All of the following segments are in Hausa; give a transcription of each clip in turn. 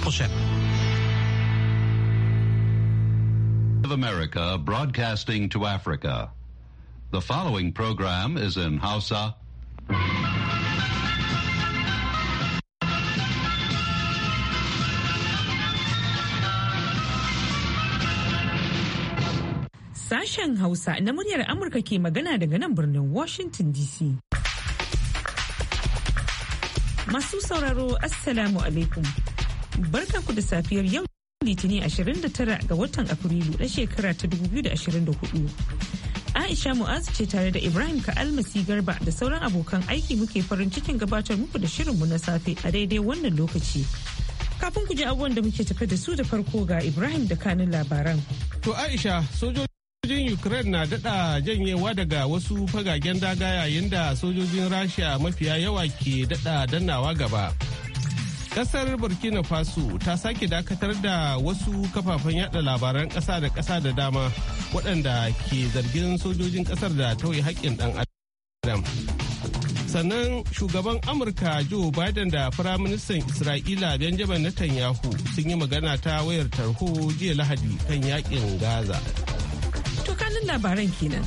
prochaine. Of America broadcasting to Africa. The following program is in Hausa. Sashen Hausa na muryar Amurka ke magana daga nan birnin Washington DC. Masu sauraro, Assalamu alaikum. Barkanku da safiyar yau Litinin 29 ga watan Afrilu na shekara ta 2024. Aisha Mu'azu ce tare da Ibrahim Ka'almasi Garba da sauran abokan aiki muke farin cikin gabatar muku da shirinmu na safe a daidai wannan lokaci. Kafin ku ji abubuwan da muke tafe da su da farko ga Ibrahim da kanin labaran. To Aisha, sojojin Ukraine na dada janyewa daga wasu fagagen daga yayin da sojojin Rasha mafiya yawa ke dada dannawa gaba. Kasar Burkina Faso ta sake dakatar da wasu kafafen yada labaran kasa da kasa da dama waɗanda ke zargin sojojin kasar da tauye haƙƙin dan adam. Sannan shugaban Amurka Joe Biden da Firaministan Isra'ila Benjamin Netanyahu sun yi magana ta wayar tarho jiya Lahadi kan yakin Gaza. To labaran kenan.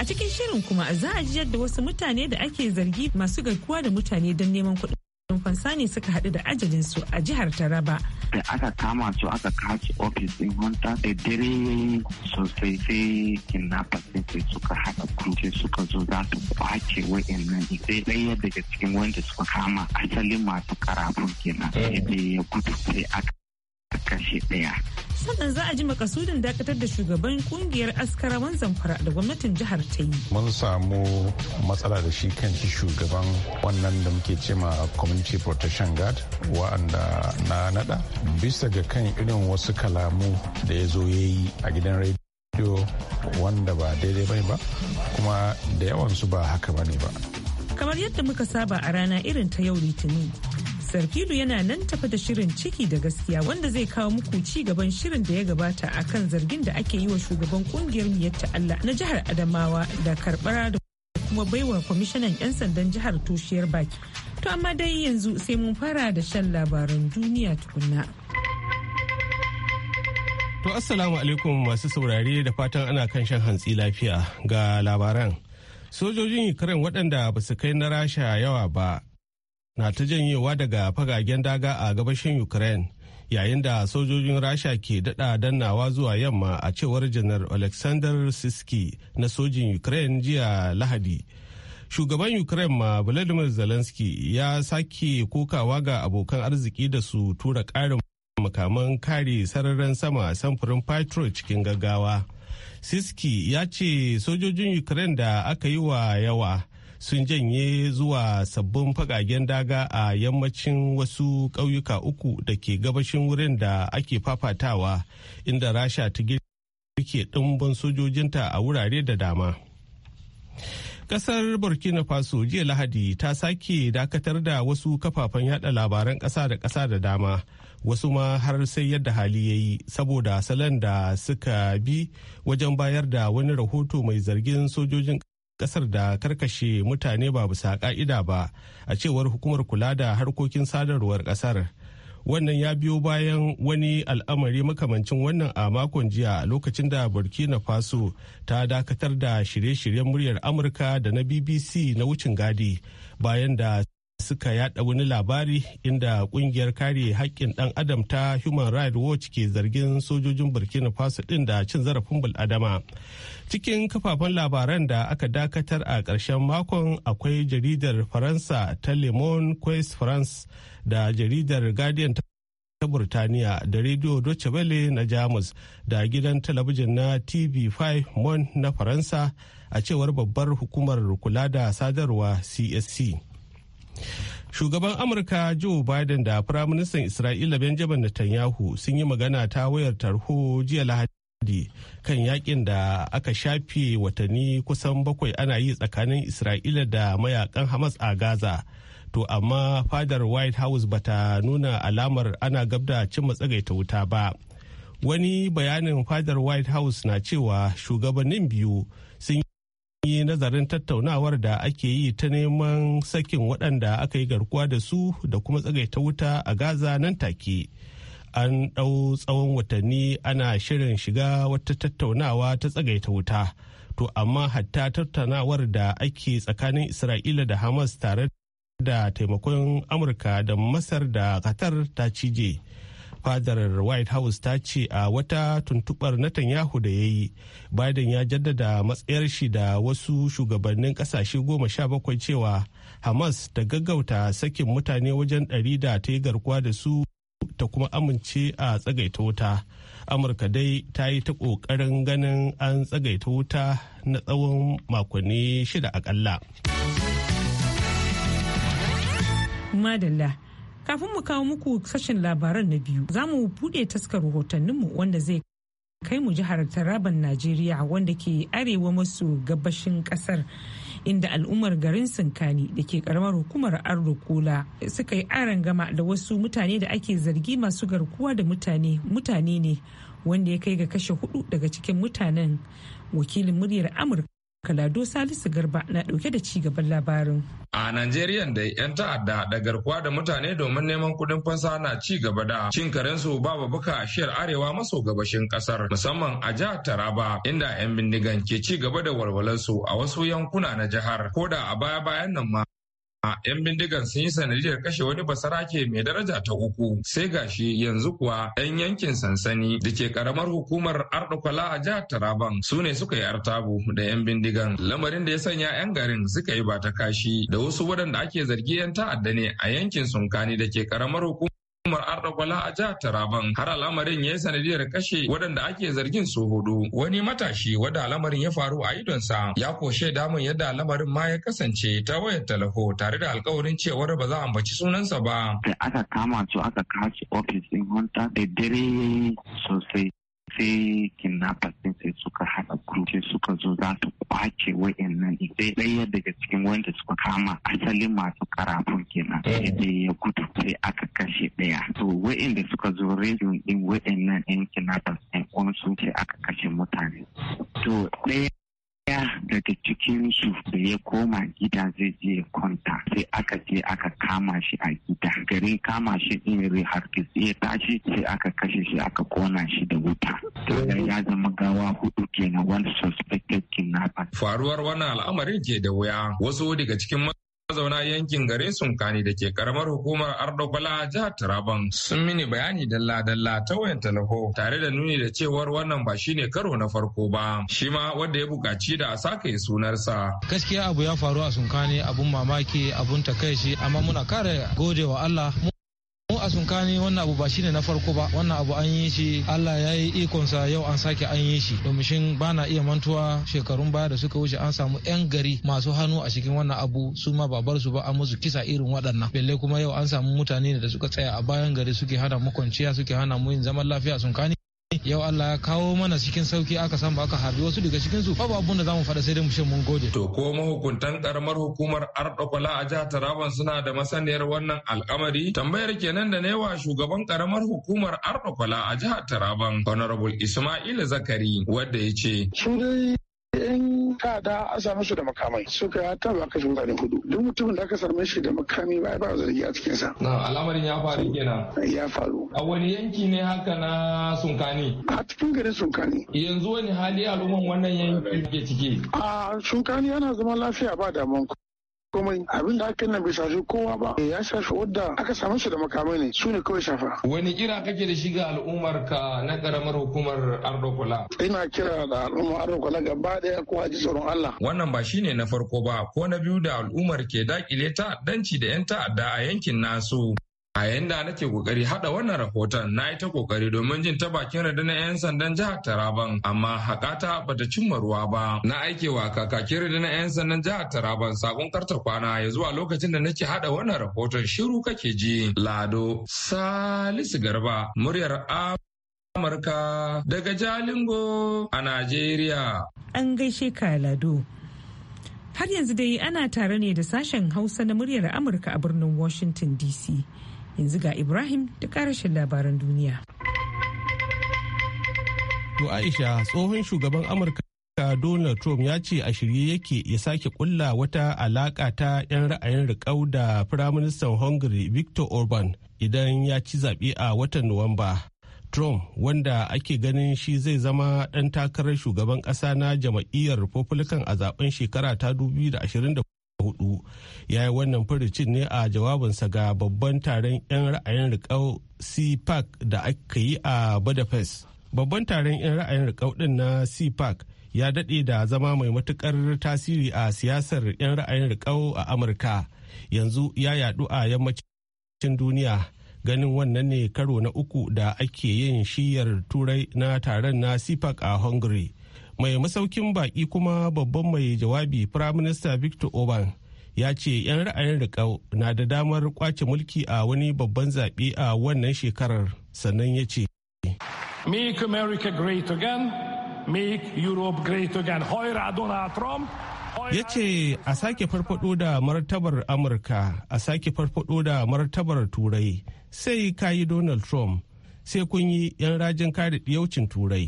A cikin shirin kuma za a ji yadda wasu mutane da ake zargi masu garkuwa da mutane don neman kuɗi. fansa sani suka haɗu da ajalin su a jihar Taraba. Da eh, aka kama su aka kaci ofis din Hunta da dare sosai sai kidnappers ɗin sai suka haɗa kunce suka zo za su kwace wa'annan sai ɗaya daga cikin wanda suka kama asalin masu karafun kenan. Eh. Sai ya gudu sai aka a kashi ɗaya. sannan za a ji makasudin dakatar da shugaban kungiyar askarawan zamfara da gwamnatin jihar ta yi. Mun samu matsala da shi kan shi shugaban wannan da muke cema community protection guard wa'anda na nada bisa ga kan irin wasu kalamu da ya zo ya yi a gidan rediyo wanda ba daidai bai ba kuma da yawansu ba haka bane ba. Kamar yadda muka saba a rana irin ta yau litinin sarkidu yana nan tafa da shirin ciki da gaskiya wanda zai kawo muku ci gaban shirin da ya gabata a kan zargin da ake yi wa shugaban kungiyar miyatta Allah na jihar Adamawa da karbara da kuma baiwa kwamishinan 'yan sandan jihar toshiyar baki. To amma dai yanzu sai mun fara da shan labaran duniya tukunna. To assalamu alaikum masu saurare da fatan ana kan shan hantsi lafiya ga labaran. Sojojin Ukraine waɗanda ba su kai na Rasha yawa ba na ta janyewa daga fagagen daga a gabashin ukraine yayin da sojojin rasha ke dada dannawa zuwa yamma a cewar janar alexander siski na sojin ukraine jiya lahadi shugaban ukraine ma vladimir zelensky ya sake kokawa ga abokan arziki da su tura karin makaman kare sararin sama samfurin patro cikin gaggawa siski ya ce sojojin ukraine da aka yi wa yawa sun janye zuwa sabbin fagagen daga a yammacin wasu ƙauyuka uku da ke gabashin wurin da ake fafatawa inda rasha ta girke ɗumbin sojojinta a wurare da dama Ƙasar burkina faso jiya lahadi ta sake dakatar da wasu kafafen yada labaran ƙasa da ƙasa da dama wasu ma har sai yadda hali ya yi saboda salon da suka bi wajen bayar da wani rahoto mai zargin sojojin kasar da karkashe mutane ba bisa ka'ida ba a cewar hukumar kula da harkokin sadarwar kasar wannan ya biyo bayan wani al'amari makamancin wannan a makon jiya lokacin da burkina faso ta dakatar da shirye-shiryen muryar amurka da na bbc na wucin gadi bayan da suka yada wani labari inda kungiyar kare haƙƙin ɗan adam ta human rights watch ke zargin sojojin burkina faso ɗin da cin zarafin bul'adama cikin kafafen labaran da aka dakatar a ƙarshen makon akwai jaridar faransa ta le monde quest france da jaridar guardian ta Burtaniya da rediyo Deutsche Welle na Jamus da gidan talabijin na TV5 Mon na Faransa a cewar babbar hukumar kula da sadarwa CSC. Shugaban Amurka Joe Biden da Firaministan Isra'ila Benjamin Netanyahu sun yi magana ta wayar tarho jiya Lahadi kan yakin da aka shafe watanni kusan bakwai ana yi tsakanin Isra'ila da mayakan Hamas a Gaza. To amma fadar White House bata nuna alamar ana gabda cimma tsagaita wuta ba. wani bayanin fadar white house na cewa shugabannin biyu sun yi nazarin tattaunawar da ake yi ta neman sakin waɗanda aka yi garkuwa da su da kuma tsagaita wuta a gaza nan take an ɗau tsawon watanni ana shirin shiga wata tattaunawa ta tsagaita wuta to amma hatta tattaunawar da ake tsakanin isra'ila da hamas tare da taimakon amurka da masar da qatar ta cije fadar white house ta ce a wata tuntubar netanyahu da ya yi biden ya jaddada matsayar shi da wasu shugabannin kasashe goma sha bakwai cewa hamas ta gaggauta sakin mutane wajen ɗari da ta yi garkuwa da su ta kuma amince a tsagaita wuta amurka dai ta yi ta ƙoƙarin ganin an tsagaita wuta na tsawon makonni shida akalla madalla Kafin mu kawo muku sashen labaran na biyu, za mu buɗe taskar rahotanninmu wanda zai kai mu jihar Taraban Najeriya wanda ke arewa maso gabashin ƙasar. inda al'ummar garin sinkani da ke karamar hukumar arrokola suka yi gama da wasu mutane da ake zargi masu garkuwa da mutane mutane ne wanda ya kai ga kashe hudu daga cikin mutanen wakilin muryar amurka Kalado Salisu Garba na ɗauke da ci gaban labarin. A Najeriya da 'yan ta'adda da garkuwa da mutane domin neman kuɗin fansa na ci gaba da cin karensu ba babbaka a shiyar arewa maso gabashin ƙasar musamman a jihar Taraba inda 'yan bindigan ke ci gaba da walwalarsu a wasu yankuna na jihar. Koda a baya-bayan nan ma 'yan bindigan sun yi sanadiyar kashe wani basarake mai daraja ta uku sai gashi yanzu kuwa 'yan yankin sansani da ke karamar hukumar ardukwala a jihar taraban su ne suka yi artabu da 'yan bindigan lamarin da ya sanya 'yan garin suka yi ba ta kashi da wasu waɗanda ake zargi 'yan ta'adda ne a yankin sunkani da ke karamar hukumar Umar Ardagwala a jihar Taraban har al'amarin ya yi sanadiyar kashe waɗanda ake zargin su hudu. Wani matashi wadda al'amarin ya faru a idonsa ya koshe damun yadda al'amarin ma ya kasance ta wayar talaho tare da alkawarin cewar ba za a ambaci sunansa ba. Da aka kama su aka kashe ofis ɗin hunta da dare sosai. sai kidnappers din sai suka haɗa group sai suka zo za su kwace wayannan sai ɗaya daga cikin wanda suka kama asalin masu karafun kenan mm. sai dai ya gudu sai aka kashe ɗaya to da suka zo rediyon din wayannan yan kidnappers ɗin su sai aka kashe mutane to ɗaya ɗaya daga cikin cikinsu da ya koma gida zai je ya kwanta sai aka je aka kama shi a gida gari kama shi in rai hargitsi ya tashi sai aka kashe shi aka kona shi da wuta daga ya zama gawa hudu kenan one suspected kidnapper faruwar wannan al'amarin ke da wuya wasu daga cikin mazauna yankin garin sunkani da ke karamar hukumar ardogola jihar taraban sun mini bayani dalla-dalla ta wayan talaho tare da nuni da cewar wannan ba shine karo na farko ba shi ma wanda ya buƙaci da a sake sunarsa gaskiya abu ya faru a sunkani abun mamaki abun takaici amma muna kare gode wa allah a sunkani wannan abu ba shine na farko ba wannan abu an yi shi Allah ya yi ikonsa yau an sake an yi shi domin ba na iya mantuwa shekarun baya da suka wuce an samu yan gari masu hannu a cikin wannan abu su ma ba bar su ba an musu kisa irin waɗannan belle kuma yau an samu mutane da suka tsaya a bayan gari suke hana mu kwanciya suke hana mu yin zaman lafiya sunkani yau Allah ya kawo mana cikin sauki aka san ba aka harbi wasu daga cikin su babu abun da zamu faɗa sai dai mu mun gode to ko mahukuntan karamar hukumar Ardokola a jihar Taraban suna da masaniyar wannan al'amari tambayar kenan da wa shugaban karamar hukumar Ardokola a jihar Taraban Honorable Ismail Zakari wanda ya ce shi dai yan da a samu su da makamai suka taba ka mutane hudu duk mutumin da aka same shi da makami ba ba zargi a cikin sa na al'amarin ya faru kenan ya faru a wani yanki ne haka na sunkani a cikin garin sunkani yanzu wani hali al'umman wannan yanki ke ciki a sunkani yana zama lafiya ba damuwa komai abin da aka nan bai shafi kowa ba eh, ya shafi wadda aka samu shi da makamai ne su ne kawai shafa. Wani kira kake da shiga al'ummar ka na karamar hukumar Ardokola? Ina kira da al'ummar Ardokola gaba daya ko ji tsoron Allah. Wannan ba shine na farko ba ko na biyu da al'ummar ke dakile ta'addanci da 'yan ta'adda a yankin nasu. A yayin da nake kokari hada wannan rahoton na yi ta kokari domin jin ta bakin na 'yan sandan jihar Taraban amma hakata bata cimma ruwa ba. Na aikewa kakakin na 'yan sandan jihar Taraban sakon karta kwana ya zuwa lokacin da nake hada wannan rahoton shiru kake ji. Lado Salisu Garba muryar A Amurka daga Jalingo a Najeriya. An gaishe ka Lado. Har yanzu dai ana tare ne da sashen Hausa na muryar Amurka a birnin Washington DC. yanzu ga ibrahim da karashin labaran duniya to aisha tsohon shugaban amurka donald trump ya ce a shirye yake ya sake kulla wata alaka ta 'yan ra'ayin riƙau da firaministan hungary victor orban idan ya ci zaɓe a watan nuwamba Trump wanda ake ganin shi zai zama ɗan takarar shugaban ƙasa na jama'iyyar Republican a zaben shekara ta hudu ya yi wannan furicin ne a jawabinsa ga babban taron 'yan ra'ayin rikau cpac da aka yi a budapest babban taron 'yan ra'ayin rikau din na cpac ya daɗe da zama mai matukar tasiri a siyasar 'yan ra'ayin rikau a amurka yanzu ya yadu a yammacin duniya ganin wannan ne karo na uku da ake yin shiyar turai na taron na cpac a hungary mai masaukin baki kuma babban mai jawabi firaminista victor orban ya ce 'yan ra'ayin riƙau na da damar kwace mulki a wani babban zaɓe a wannan shekarar sannan ya ce ya ce a sake farfado da martabar amurka a sake farfado da martabar turai sai kayi donald trump sai kun yi 'yan rajin kare diyaucin turai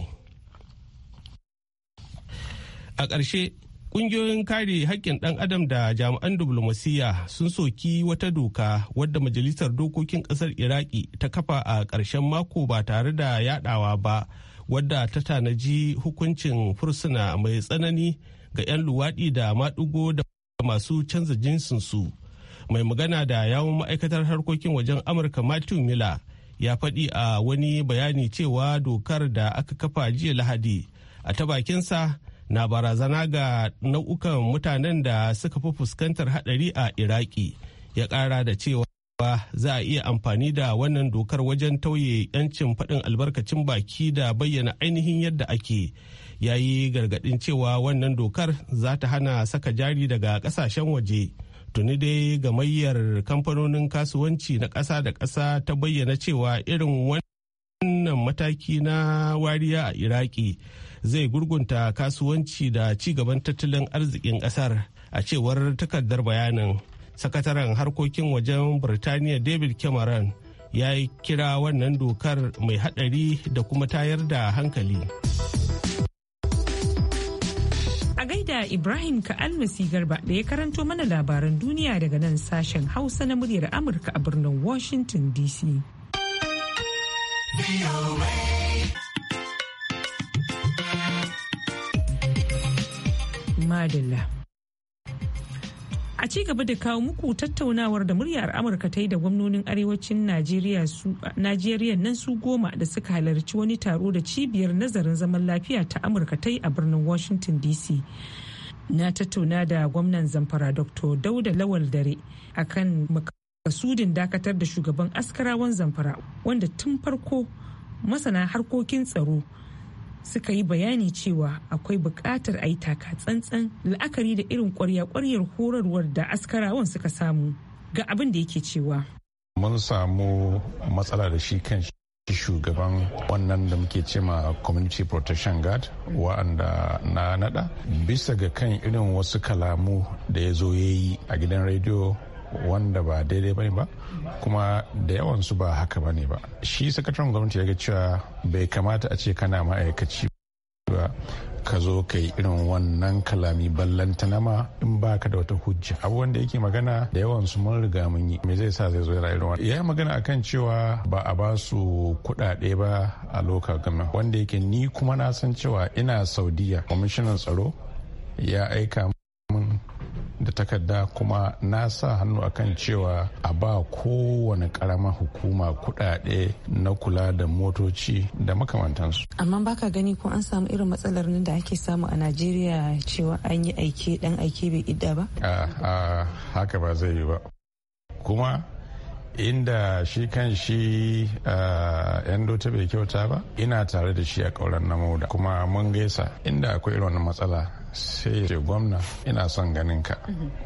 a ƙarshe Ƙungiyoyin kare haƙƙin ɗan adam da jami'an diflomasiyya sun soki wata doka wadda Majalisar Dokokin ƙasar Iraki ta kafa a ƙarshen mako ba tare da yaɗawa ba, wadda ta tanaji hukuncin fursuna mai tsanani ga 'yan luwaɗi da maɗigo da masu canza jinsinsu. Mai magana da yawon ma'aikatar harkokin wajen Amurka Matthew Miller ya faɗi a wani bayani cewa dokar da aka kafa jiya Lahadi a ta bakinsa na barazana ga nau'ukan mutanen da suka fi fuskantar hadari a iraki ya kara da cewa za a iya amfani da wannan dokar wajen tauye 'yancin faɗin albarkacin baki da bayyana ainihin yadda ake ya yi gargaɗin cewa wannan dokar za ta hana saka jari daga ƙasashen waje tuni dai gamayyar kamfanonin kasuwanci na ƙasa da ƙasa ta bayyana cewa irin wannan mataki na wariya a iraki zai gurgunta kasuwanci da ci gaban tattalin arzikin kasar a cewar takardar bayanin sakataren harkokin wajen birtaniya david cameron ya yi kira wannan dokar mai hadari da kuma tayar da hankali a gaida ibrahim almasi garba da ya karanto mana labaran duniya daga nan sashen hausa na muryar amurka a birnin washington dc madalla. A ci gaba da kawo muku tattaunawar da muryar Amurka ta yi da gwamnonin arewacin Najeriya nan su goma da suka halarci wani taro da cibiyar nazarin zaman lafiya ta Amurka ta yi a birnin Washington DC. Na tattauna da gwamnan zamfara Dr. Dauda Lawal Dare a kan makasudin dakatar da shugaban askarawan zamfara wanda tun farko masana harkokin tsaro suka yi bayani cewa akwai buƙatar a yi taka tsantsan la'akari da irin ƙwarya ƙwaryar horarwar da askarawan suka samu ga abin da yake cewa. Mun samu matsala da shi kan shugaban wannan da muke cema community protection guard wa'anda na nada bisa ga kan irin wasu kalamu da ya zo ya yi a gidan rediyo wanda ba daidai bane ba kuma da yawan su ba haka bane ba shi sakataren gwamnati ya ga cewa bai kamata a ce kana ma'aikaci ba ka zo ka yi irin wannan kalami ballantana ma in ba ka da wata hujja abubuwan da yake magana da yawan su mun riga mun yi me zai sa zai zo yana irin wannan yi magana akan cewa ba a ba su kuɗaɗe ba a local government wanda yake ni kuma na san cewa ina saudiya kwamishinan tsaro ya aika mun da takarda kuma na sa hannu akan cewa a ba kowane karama hukuma kudade na kula da motoci da makamantansu amma baka gani ko an samu irin matsalar nan da ake samu a najeriya cewa an yi aike dan aike bai idda ba a haka ba zai yi ba kuma inda shi kan shi yan dota bai kyauta ba ina tare da shi a kauran na mauda kuma mun gaisa inda akwai irin matsala sai ce gwamna ina son ganin ka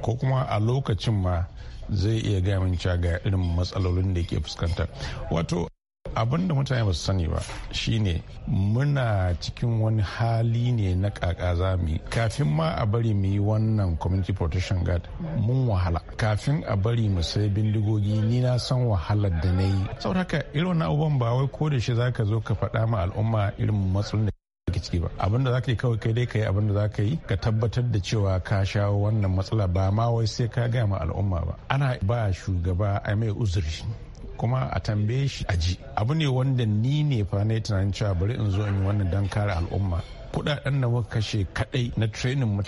ko kuma a lokacin ma zai iya gaya min cewa ga irin matsalolin da ke fuskanta wato abin da mutane ba su sani ba shine muna cikin wani hali ne na kaka zami kafin ma a bari mu yi wannan community protection guard mun wahala kafin a bari mu sai bindigogi ni na san wahalar da na yi saboda haka irin na uban ba wai ko da shi zaka zo ka faɗa ma al'umma irin matsalolin da ciki ba abinda za ka yi kawai kai dai ka yi abinda za ka yi ka tabbatar da cewa ka sha wannan matsala ba ma wai sai ka gaya ma al'umma ba ana ba shugaba ai mai uzuri kuma a tambaye shi aji abu ne wanda ni ne fa na tunanin cewa bari in zo in yi wannan don kare al'umma kudaden da muka kashe kadai na trenin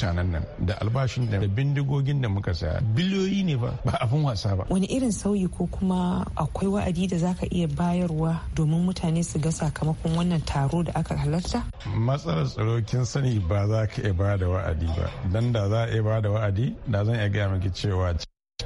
mutanen nan da albashin da bindigogin da muka saya biliyoyi ne ba ba abin wasa ba wani irin sauyi ko kuma akwai wa'adi da zaka iya bayarwa domin mutane su ga sakamakon wannan taro da aka halarta matsalar tsaro kin sani ba za ka iya bada wa'adi ba dan da za a iya bada wa'adi da zan iya gaya miki cewa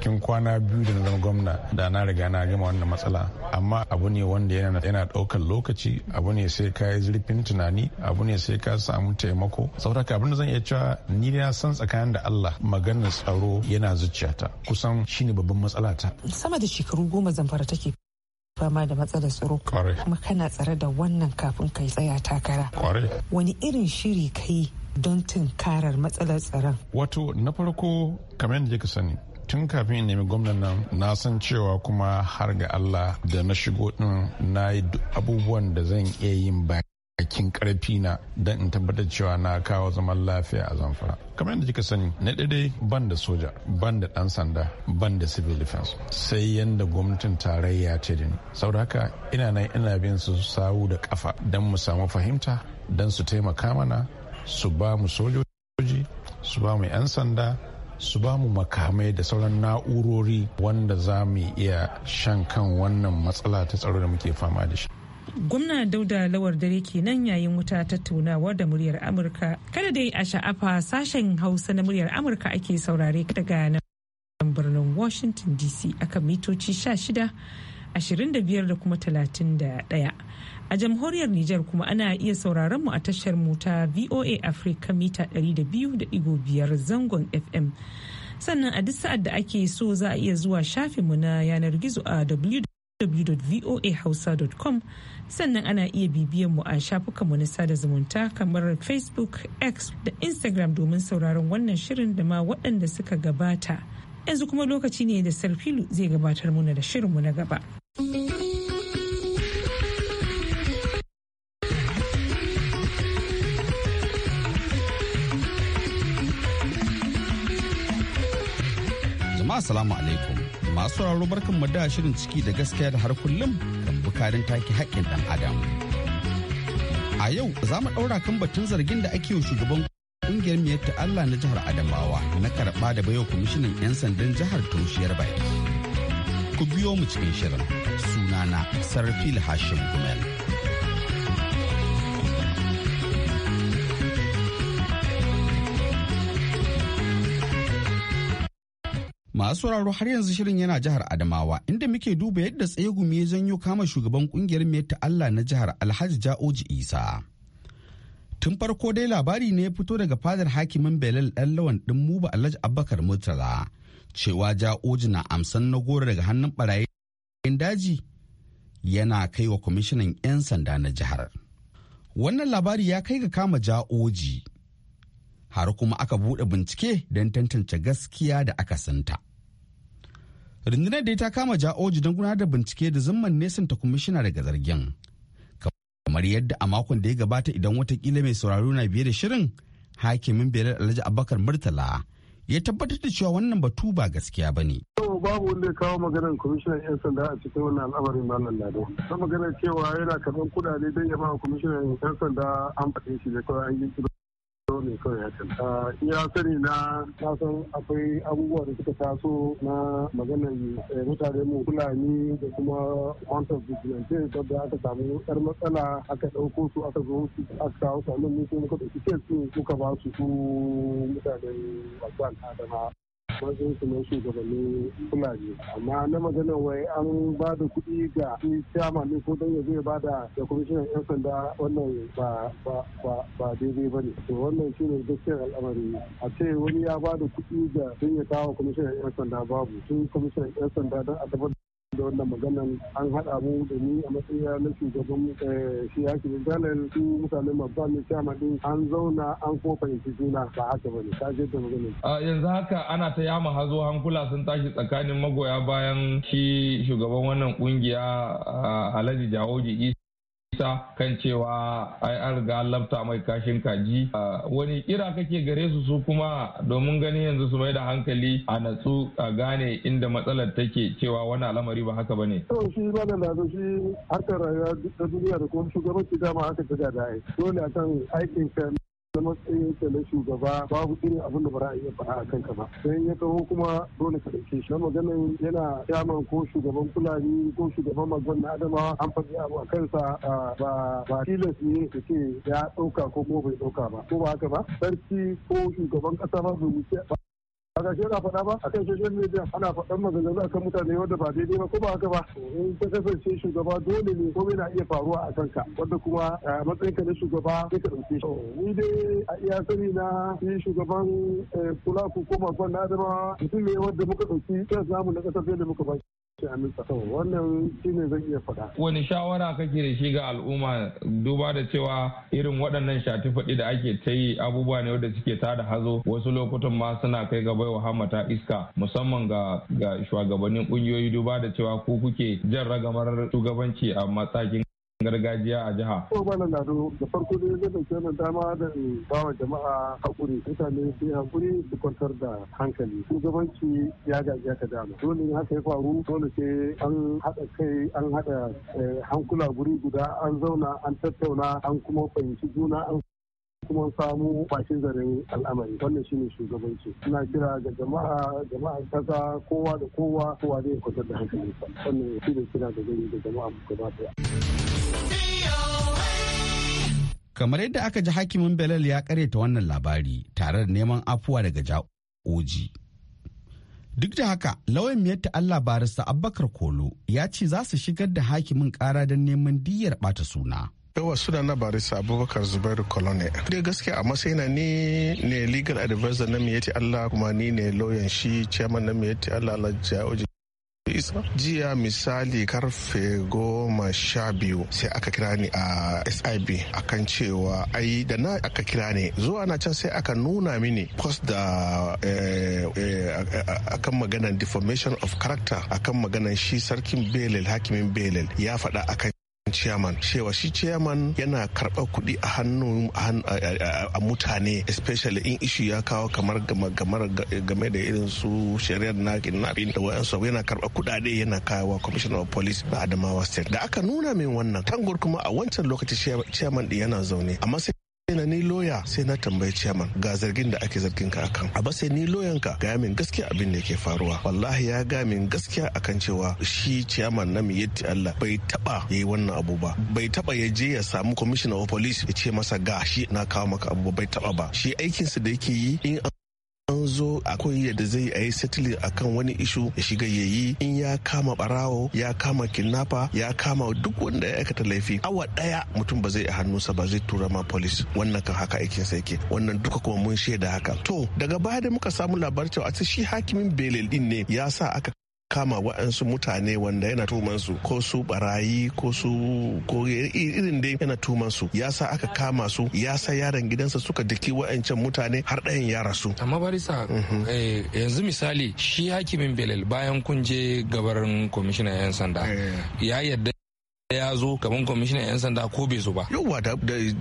cikin kwana biyu da na zama gwamna da na riga na gama wannan matsala amma abu ne wanda yana yana lokaci abu ne sai ka yi zurfin tunani abu ne sai ka samu taimako sauraka abin da zan iya cewa ni na san tsakanin da Allah maganar tsaro yana zuciyata kusan shine babban matsala ta sama da shekaru goma zamfara take fama da matsalar tsaro kuma kana tsare da wannan kafin ka yi. tsaya takara wani irin shiri kai don tunkarar matsalar tsaron wato na farko kamar yadda ka sani tun kafin in nemi gwamnan nan na san cewa kuma har ga Allah da na shigo din na yi abubuwan da zan iya yin ba bakin karfi na don in tabbatar cewa na kawo zaman lafiya a zamfara kamar yadda kika sani na dai ban da soja ban da dan sanda ban da civil defense sai yadda gwamnatin tarayya ce da ni saboda haka ina nan ina bin su sawu da kafa don mu samu fahimta don su taimaka mana su ba mu sojoji su ba mu 'yan sanda su ba mu makamai da sauran na'urori wanda za mu iya shan kan wannan matsala ta tsaro da muke fama da shi. Gwamna Dauda Lawar dare kenan yayin wuta tattaunawa da muryar Amurka. Kada dai a sha'afa sashen Hausa na muryar Amurka ake saurare daga nan birnin Washington DC akan mitoci 16, 25 da kuma 31. A jamhuriyar Nijar kuma ana iya sauraron mu a tashar mu ta VOA Africa mita 200.5 zangon FM. Sannan a duk sa'ad da ake so za a iya zuwa shafinmu na yanar gizo a www.voahausa.com sannan ana iya bibiyan mu a shafukan mu na sada zumunta kamar Facebook, X da Instagram domin sauraron wannan shirin da ma waɗanda suka gabata. Yanzu kuma lokaci ne da Sarfilu zai gabatar muna da shirin mu na gaba. Assalamu alaikum. Masu sauraro barkan mu da shirin ciki da gaskiya da har kullum kan bukarin take haƙƙin ɗan adam. A yau za mu ɗaura kan batun zargin da ake yi shugaban ƙungiyar miyar ta Allah na jihar Adamawa na karɓa da baiwa kwamishinan 'yan sandan jihar Taushiyar Baki. Ku biyo mu cikin shirin sunana Sarfil Hashim Gumel. Masu sauraro har yanzu shirin yana jihar Adamawa inda muke duba yadda tsaye tsegumi ya janyo kama shugaban kungiyar mai Allah na jihar Alhaji Ja'oji Isa. Tun farko dai labari ne ya fito daga fadar hakimin Belal ɗan lawan ɗin Muba Alhaji Abubakar Murtala cewa Ja'oji na amsan na goro daga hannun barayi daji yana kai wa kwamishinan 'yan sanda na jihar. Wannan labari ya kai ga kama Ja'oji. har kuma aka buɗe bincike don tantance gaskiya da aka santa. rundunar da ta kama ja'oji don gudanar da bincike da zumman ta kwamishina daga zargin kamar yadda a makon da ya gabata idan watakila mai sauraro na biye da shirin hakimin belal alhaji abubakar murtala ya tabbatar da cewa wannan batu ba gaskiya ba ne. babu wanda ya kawo maganar kwamishinan 'yan sanda a cikin wannan al'amarin malam lado ta maganar cewa yana karɓar kudade don ya ba kwamishinan 'yan sanda an faɗe shi da kawai an yi taro ne kawai ah, ya sani na kasan akwai abubuwa da suka taso na maganar eh, mutane mu fulani da kuma wantar vigilante da aka samu yar matsala aka ɗauko su aka zo su aka kawo su a nan mutum muka ɗauki su muka ba su su mutane masu al'adama matsayin su na shugabannin fulani amma na maganar wai an ba da kuɗi ga shama ne ko don ya zai ba da da kwamishinan yan sanda wannan ba daidai ba ne to wannan shi ne gaskiyar al'amari a ce wani ya ba da kuɗi ga don ya kawo kwamishinan yan sanda babu sun kwamishinan yan sanda don a tabbatar da wannan maganan an haɗa mu da ni a matsayin na shugaban eh, shi ya ke janar su mutane mabba mai kyama din an zauna an kofa fahimci juna ba haka ba ne ka je da maganin. yanzu haka ana ta yama hazo hankula sun tashi tsakanin magoya bayan shi shugaban wannan kungiya ah, alhaji jawoji isa kan cewa ai an riga an lafta mai kashin kaji wani kira kake gare su su kuma domin ganin yanzu su mai da hankali a natsu a gane inda matsalar take cewa wani alamari ba haka bane to shi ba da lazo shi harkar rayuwa ta duniya da kuma shugabanci dama haka ta da dole akan aikin kan da matsayin ka na shugaba babu irin abin da ba a iya faɗa a kanka ba sai ya kawo kuma dole ka dauke shi na maganin yana shaman ko shugaban kulani ko shugaban magwan na adama an faɗi abu a kansa ba ba tilas ne ka ce ya ɗauka ko kuma bai ɗauka ba ko ba haka ba sarki ko shugaban ƙasa ba bai wuce ba a ga shi faɗa ba a kan social media ana faɗan maganganu akan mutane wanda ba daidai ba ko ba haka ba in ka kasance shugaba dole ne ko na iya faruwa a kanka wanda kuma matsayin ka na shugaba sai ka ɗauke shi ni dai a iya sani na shi shugaban kula eh, ko makon na adama mutum ne wanda muka ɗauki kan samu na ƙasar da muka ba ce wannan zan iya faɗa. wani shawara kake da shi ga al'umma duba da cewa irin waɗannan shatifaɗi da ake ta yi abubuwa ne wanda suke tada hazo wasu lokutan ma suna kai ga baiwa hamata iska musamman ga ga shugabannin ƙungiyoyi duba da cewa ku kuke jan ragamar shugabanci a matsakin gargajiya a jiha. Ko na Lado da farko dai zai dauki wannan dama da bawa jama'a hakuri mutane sai hakuri su kwantar da hankali shugabanci ya gaji aka dama dole ne haka ya faru dole sai an haɗa kai an haɗa eh, hankula guri guda an zauna an tattauna an kuma fahimci juna an kuma samu bakin zaren al'amari wannan shine shugabanci ina kira ga jama'a jama'a kasa kowa da kowa kowa zai kwantar da hankali wannan shi ne kira da gani da jama'a mu gaba daya Kamar yadda aka ji hakimin Belal ya karyata wannan labari tare da neman afuwa daga ja'oji. Duk da haka, lauyan ta Allah barista Abubakar Kolo ya ce za su shigar da hakimin kara don neman diyyar bata suna. yawa suna na barisa abubakar zubairu Kolone. da gaskiya a matsayina ni ne legal advisor na miyati allah kuma ni ne lawyer shi chairman na miyati allah alhaji jiya misali karfe goma sha biyu sai aka kira ni a sib akan cewa ai da na aka kira ni zuwa na can sai aka nuna mini post da eh, eh, akan maganan defamation of character akan maganan shi sarkin belel hakimin belel ya faɗa akan chairman cewa shi chairman yana karɓar kuɗi a hannun a mutane especially in ishu ya kawo kamar game da irin su shari'ar na kidnapping da sabu yana karɓar kuɗaɗe yana kawo commissioner of police na adamawa state da aka nuna min wannan tangor kuma a wancan lokaci chairman din yana zaune amma sai na ni loya sai na tambayi ciyaman ga zargin da ake zargin ka akan a sai ni loyan ka ga min gaskiya abin da yake faruwa wallahi ya ga min gaskiya akan cewa shi ciyaman na miyatti Allah bai taba yayi wannan abu ba bai taba ya je ya samu commissioner of police ya ce masa ga shi na kawo maka abu bai taba ba shi aikinsa da yake yi in an zo akwai yadda zai a yi a akan wani ishu ya shiga ya yi in ya kama barawo ya kama kidnapper ya kama duk wanda ya aikata laifi awa daya mutum ba zai a hannunsa ba zai tura ma police wannan kan haka aikin sa yake wannan duka kuma mun shaida haka to daga baya da muka samu labarin cewa a shi hakimin belel din ne ya sa aka kama waɗansu mutane wanda yana tuman su ko su barayi ko su ko irin dai yana tuman su ya sa aka kama su ya sa yaron gidansa suka diki waɗancan mutane har ɗayan ya rasu amma barisa mhm. eh, yanzu misali shi hakimin belal bayan kun je gabarin kwamishinan yan sanda eh. ya yarda ya zo gaban kwamishinan 'yan sanda ko bai zo ba. Yawwa da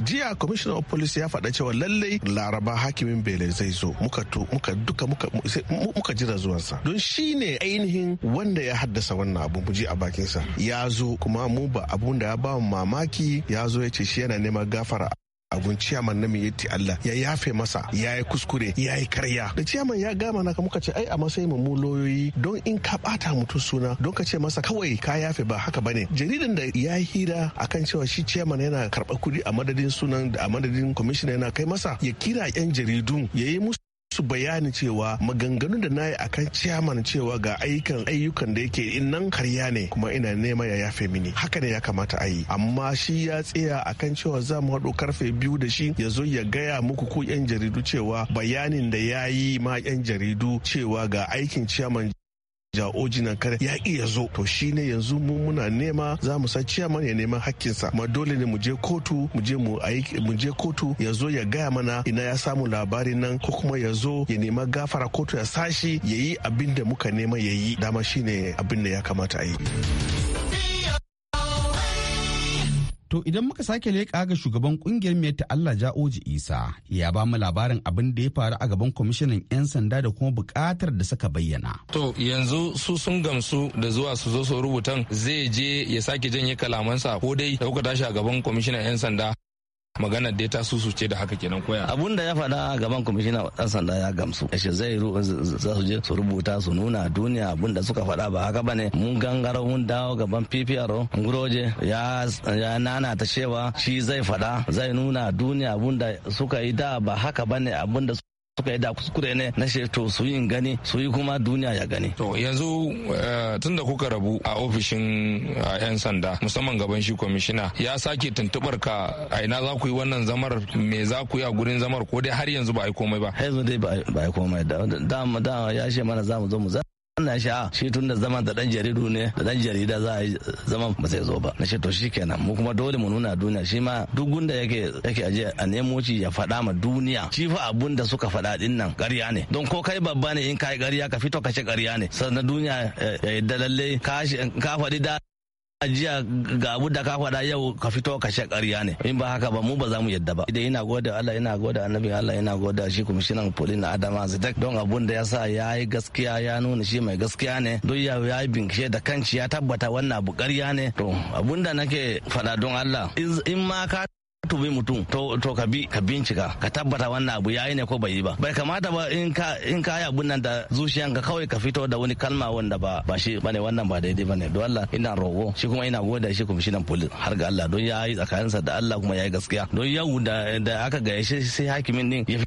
jiya kwamishinan of police ya faɗa cewa lallai laraba hakimin bele zai zo muka to muka duka muka jira zuwansa don shi ne ainihin wanda ya haddasa wannan abu mu a bakin sa ya zo kuma mu ba abun da ya ba mamaki ya zo ya ce shi yana neman gafara abun ciyaman na ti Allah ya yafe masa ya yi kuskure ya yi karya da ciyaman ya gama na muka ce ai a matsayin mu lauyoyi don in ka bata mutum suna don ka ce masa kawai ka yafe ba haka bane jaridan da ya hira akan cewa shi ciyaman yana karɓar kuɗi a madadin sunan da a madadin kwamishina yana kai masa ya kira 'yan jaridun ya yi musu su bayani cewa maganganun da na yi akan ciyaman cewa ga ayyukan ayyukan da yake in nan karya ne kuma ina nema ya yafe mini haka ne ya kamata a yi amma shi ya tsaya akan cewa za mu haɗo karfe biyu da shi ya zo ya gaya muku ko yan jaridu cewa bayanin da ya yi ma yan jaridu cewa ga aikin ciyaman ja ojinan kare ya iya zo to shine yanzu mu muna nema za mu san ciyaman ya neman hakkinsa kuma dole ne mu je kotu mu je mu mu je kotu ya zo ya gaya mana ina ya samu labarin nan ko kuma ya zo ya nema gafara kotu ya sashi ya yi abin da muka nema ya yi dama shine abin da ya kamata a yi. To idan muka sake leƙa ga shugaban kungiyar mai Allah Ja'oji Isa ya ba mu labarin abin da ya faru a gaban kwamishinan 'yan sanda da kuma buƙatar da suka bayyana. To yanzu su sun gamsu da zuwa su zo su rubutan zai je ya sake janye kalamansa ko dai da kuka tashi a gaban kwamishinan 'yan sanda magana da ta su ce da haka kenan koya abun da ya faɗa gaban kwamishina dan sanda ya gamsu yace zai za su je su rubuta su nuna duniya abun da suka faɗa ba haka bane mun gangaro mun dawo gaban PPR Nguroje ya ya nana ta cewa shi zai faɗa zai nuna duniya abun da suka yi da ba haka bane abun da suka yi da kuskure ne na shato to su yi gani su yi kuma duniya ya gani. To yanzu eh, tunda kuka rabu a ofishin eh, 'yan sanda musamman gaban shi kwamishina ya sake tuntubar ka a ina za ku yi wannan zamar me za ku yi a gurin zamar ko dai har yanzu ba a yi komai ba. Yanzu dai ba a yi komai da dama ya ce mana za mu zo mu za. Wannan sha shi tun da zaman da dan jaridu ne da dan jarida za a yi zaman ba sai zo ba na ce to shi kenan mu kuma dole mu nuna duniya shi ma duk gunda yake yake aje a nemo shi ya faɗa ma duniya shi fa abun da suka faɗa din nan ƙarya ne don ko kai babba ne in kai ƙarya ka fito ka ce ƙarya ne sannan duniya eh, ya yadda lalle ka faɗi da jiya ga abu da ka faɗa yau ka fito ka sha ƙarya ne in ba haka ba mu ba za mu yadda ba idan ina gode Allah ina gode annabi Allah ina gode shi nan polin na Adama Zidak don abun da yasa sa ya yi gaskiya ya nuna shi mai gaskiya ne duk ya yi bincike da kanci ya tabbata wannan abu ƙarya ne to abun da nake faɗa don Allah in ma ka tubi mutum to ka bi ka bincika ka tabbata wannan abu yayi ne ko bai yi ba bai kamata ba in ka in ka yi abun nan da ka kawai ka fito da wani kalma wanda ba ba shi bane wannan ba daidai bane don Allah ina rogo shi kuma ina goda shi kuma shi nan polis har ga Allah don yayi tsakaninsa da Allah kuma yayi gaskiya don yau da aka ga shi sai hakimin din ya fi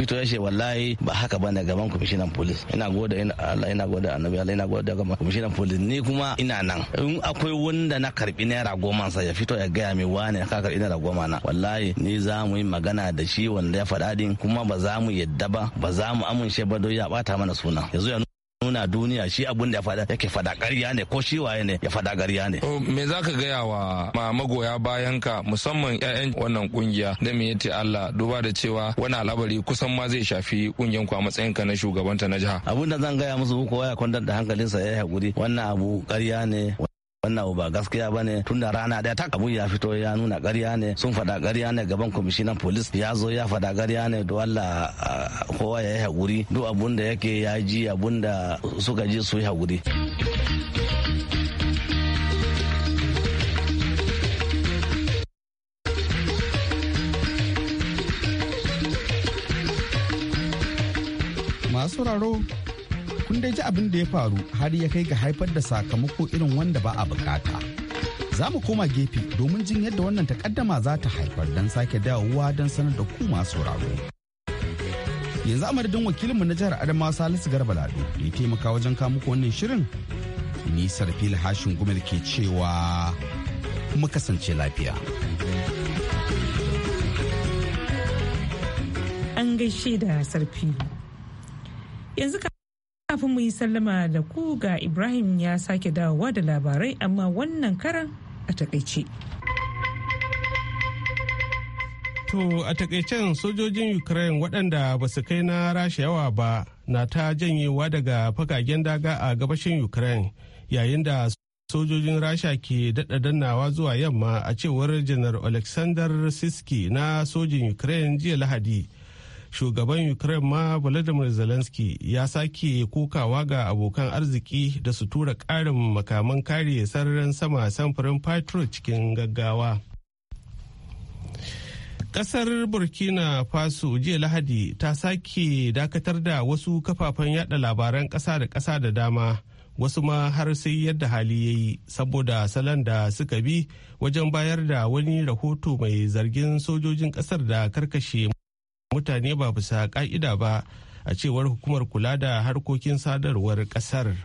Fito ya ce wallahi ba haka ba ne gaban kwamishinan polis. Ina goda Allah ina goda annabi Allah ina goda gaban kwamishinan polis ni kuma ina nan. In akwai wanda na karbi naira goma sa ya fito ya gaya mai wane ka karbi naira goma na. Wallahi ni za mu yi magana da shi wanda ya faɗa din kuma ba za mu yadda ba ba za mu amince ba don ya bata mana suna. Yanzu ya nuna duniya shi abun da ya faɗa yake faɗa ƙarya ne ko shi waye ne ya faɗa ƙarya ne. me za ka gaya wa ma magoya bayan ka musamman 'ya'yan wannan kungiya da me yace Allah duba da cewa wani al'abari kusan ma zai shafi kungiyan ku a matsayin ka na shugabanta na jiha. abun da zan gaya musu ko waya kwandan da hankalinsa ya yi haƙuri wannan abu ƙarya ne. wannan ba gaskiya ba ne da rana daya ta abun ya fito ya nuna ƙarya ne sun faɗa ƙarya ne gaban kwamishinan polis ya zo ya faɗa ƙarya ne da Allah kowa ya yi haƙuri duk abun da yake ya ji abun da suka ji su yi haƙuri. masu raro. kun dai ji abin da ya faru har ya kai ga haifar da sakamako irin wanda ba a bukata za mu koma gefe domin jin yadda wannan takaddama za ta haifar don sake dawowa don sanar da ku masu sauraro yanzu a madadin wakilinmu na jihar Adama salisu garba lado ya taimaka wajen muku wannan shirin ni sarfil hashin gumel ke cewa mu kasance lafiya an gaishe da sarfi yanzu Kafin mu yi sallama da ku ga Ibrahim ya sake dawowa da labarai amma wannan karan a takaice. To a takaicen sojojin Ukraine waɗanda ba su kai na rasha yawa ba na ta janyewa daga fagagen daga a gabashin Ukraine yayin da sojojin rasha ke daɗa dannawa zuwa yamma a cewar janar Alexander Siski na sojin Ukraine jiya Lahadi. shugaban ukraine ma volodymyr zelensky ya sake kokawa ga abokan arziki da su tura karin makaman kare sararin sama samfurin patro cikin gaggawa kasar burkina faso jiya lahadi ta sake dakatar da wasu kafafen yada labaran kasa da kasa da dama wasu ma har sai yadda hali ya yi saboda salon da suka bi wajen bayar da wani rahoto mai zargin sojojin kasar da karkashe mutane ba bisa ka'ida ba a cewar hukumar kula da harkokin sadarwar kasar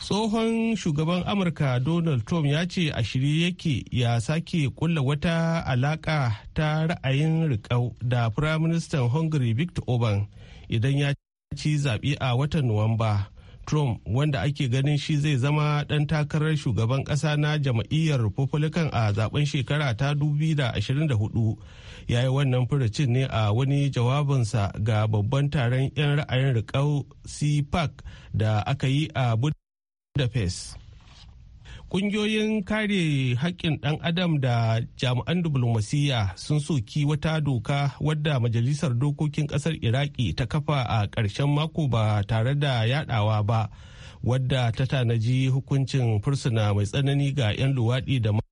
tsohon shugaban amurka donald trump ya ce a shirye yake ya sake kulla wata alaka ta ra'ayin rikau da firaministan hungary victor orban idan ya ci zaɓe a watan nuwamba trump wanda ake ganin shi zai zama ɗan takarar shugaban ƙasa na jama'iyyar republican a zaben shekara ta 2024 ya yi wannan furucin ne a wani jawabinsa ga babban taron 'yan ra'ayin rikau cpac da aka yi a budapest ƙungiyoyin kare haƙƙin ɗan adam da jami'an diplomasiyya sun soki wata doka wadda majalisar dokokin ƙasar iraki ta kafa a ƙarshen mako ba tare da yadawa ba wadda ta tanaji hukuncin fursuna mai tsanani ga 'yan luwaɗi da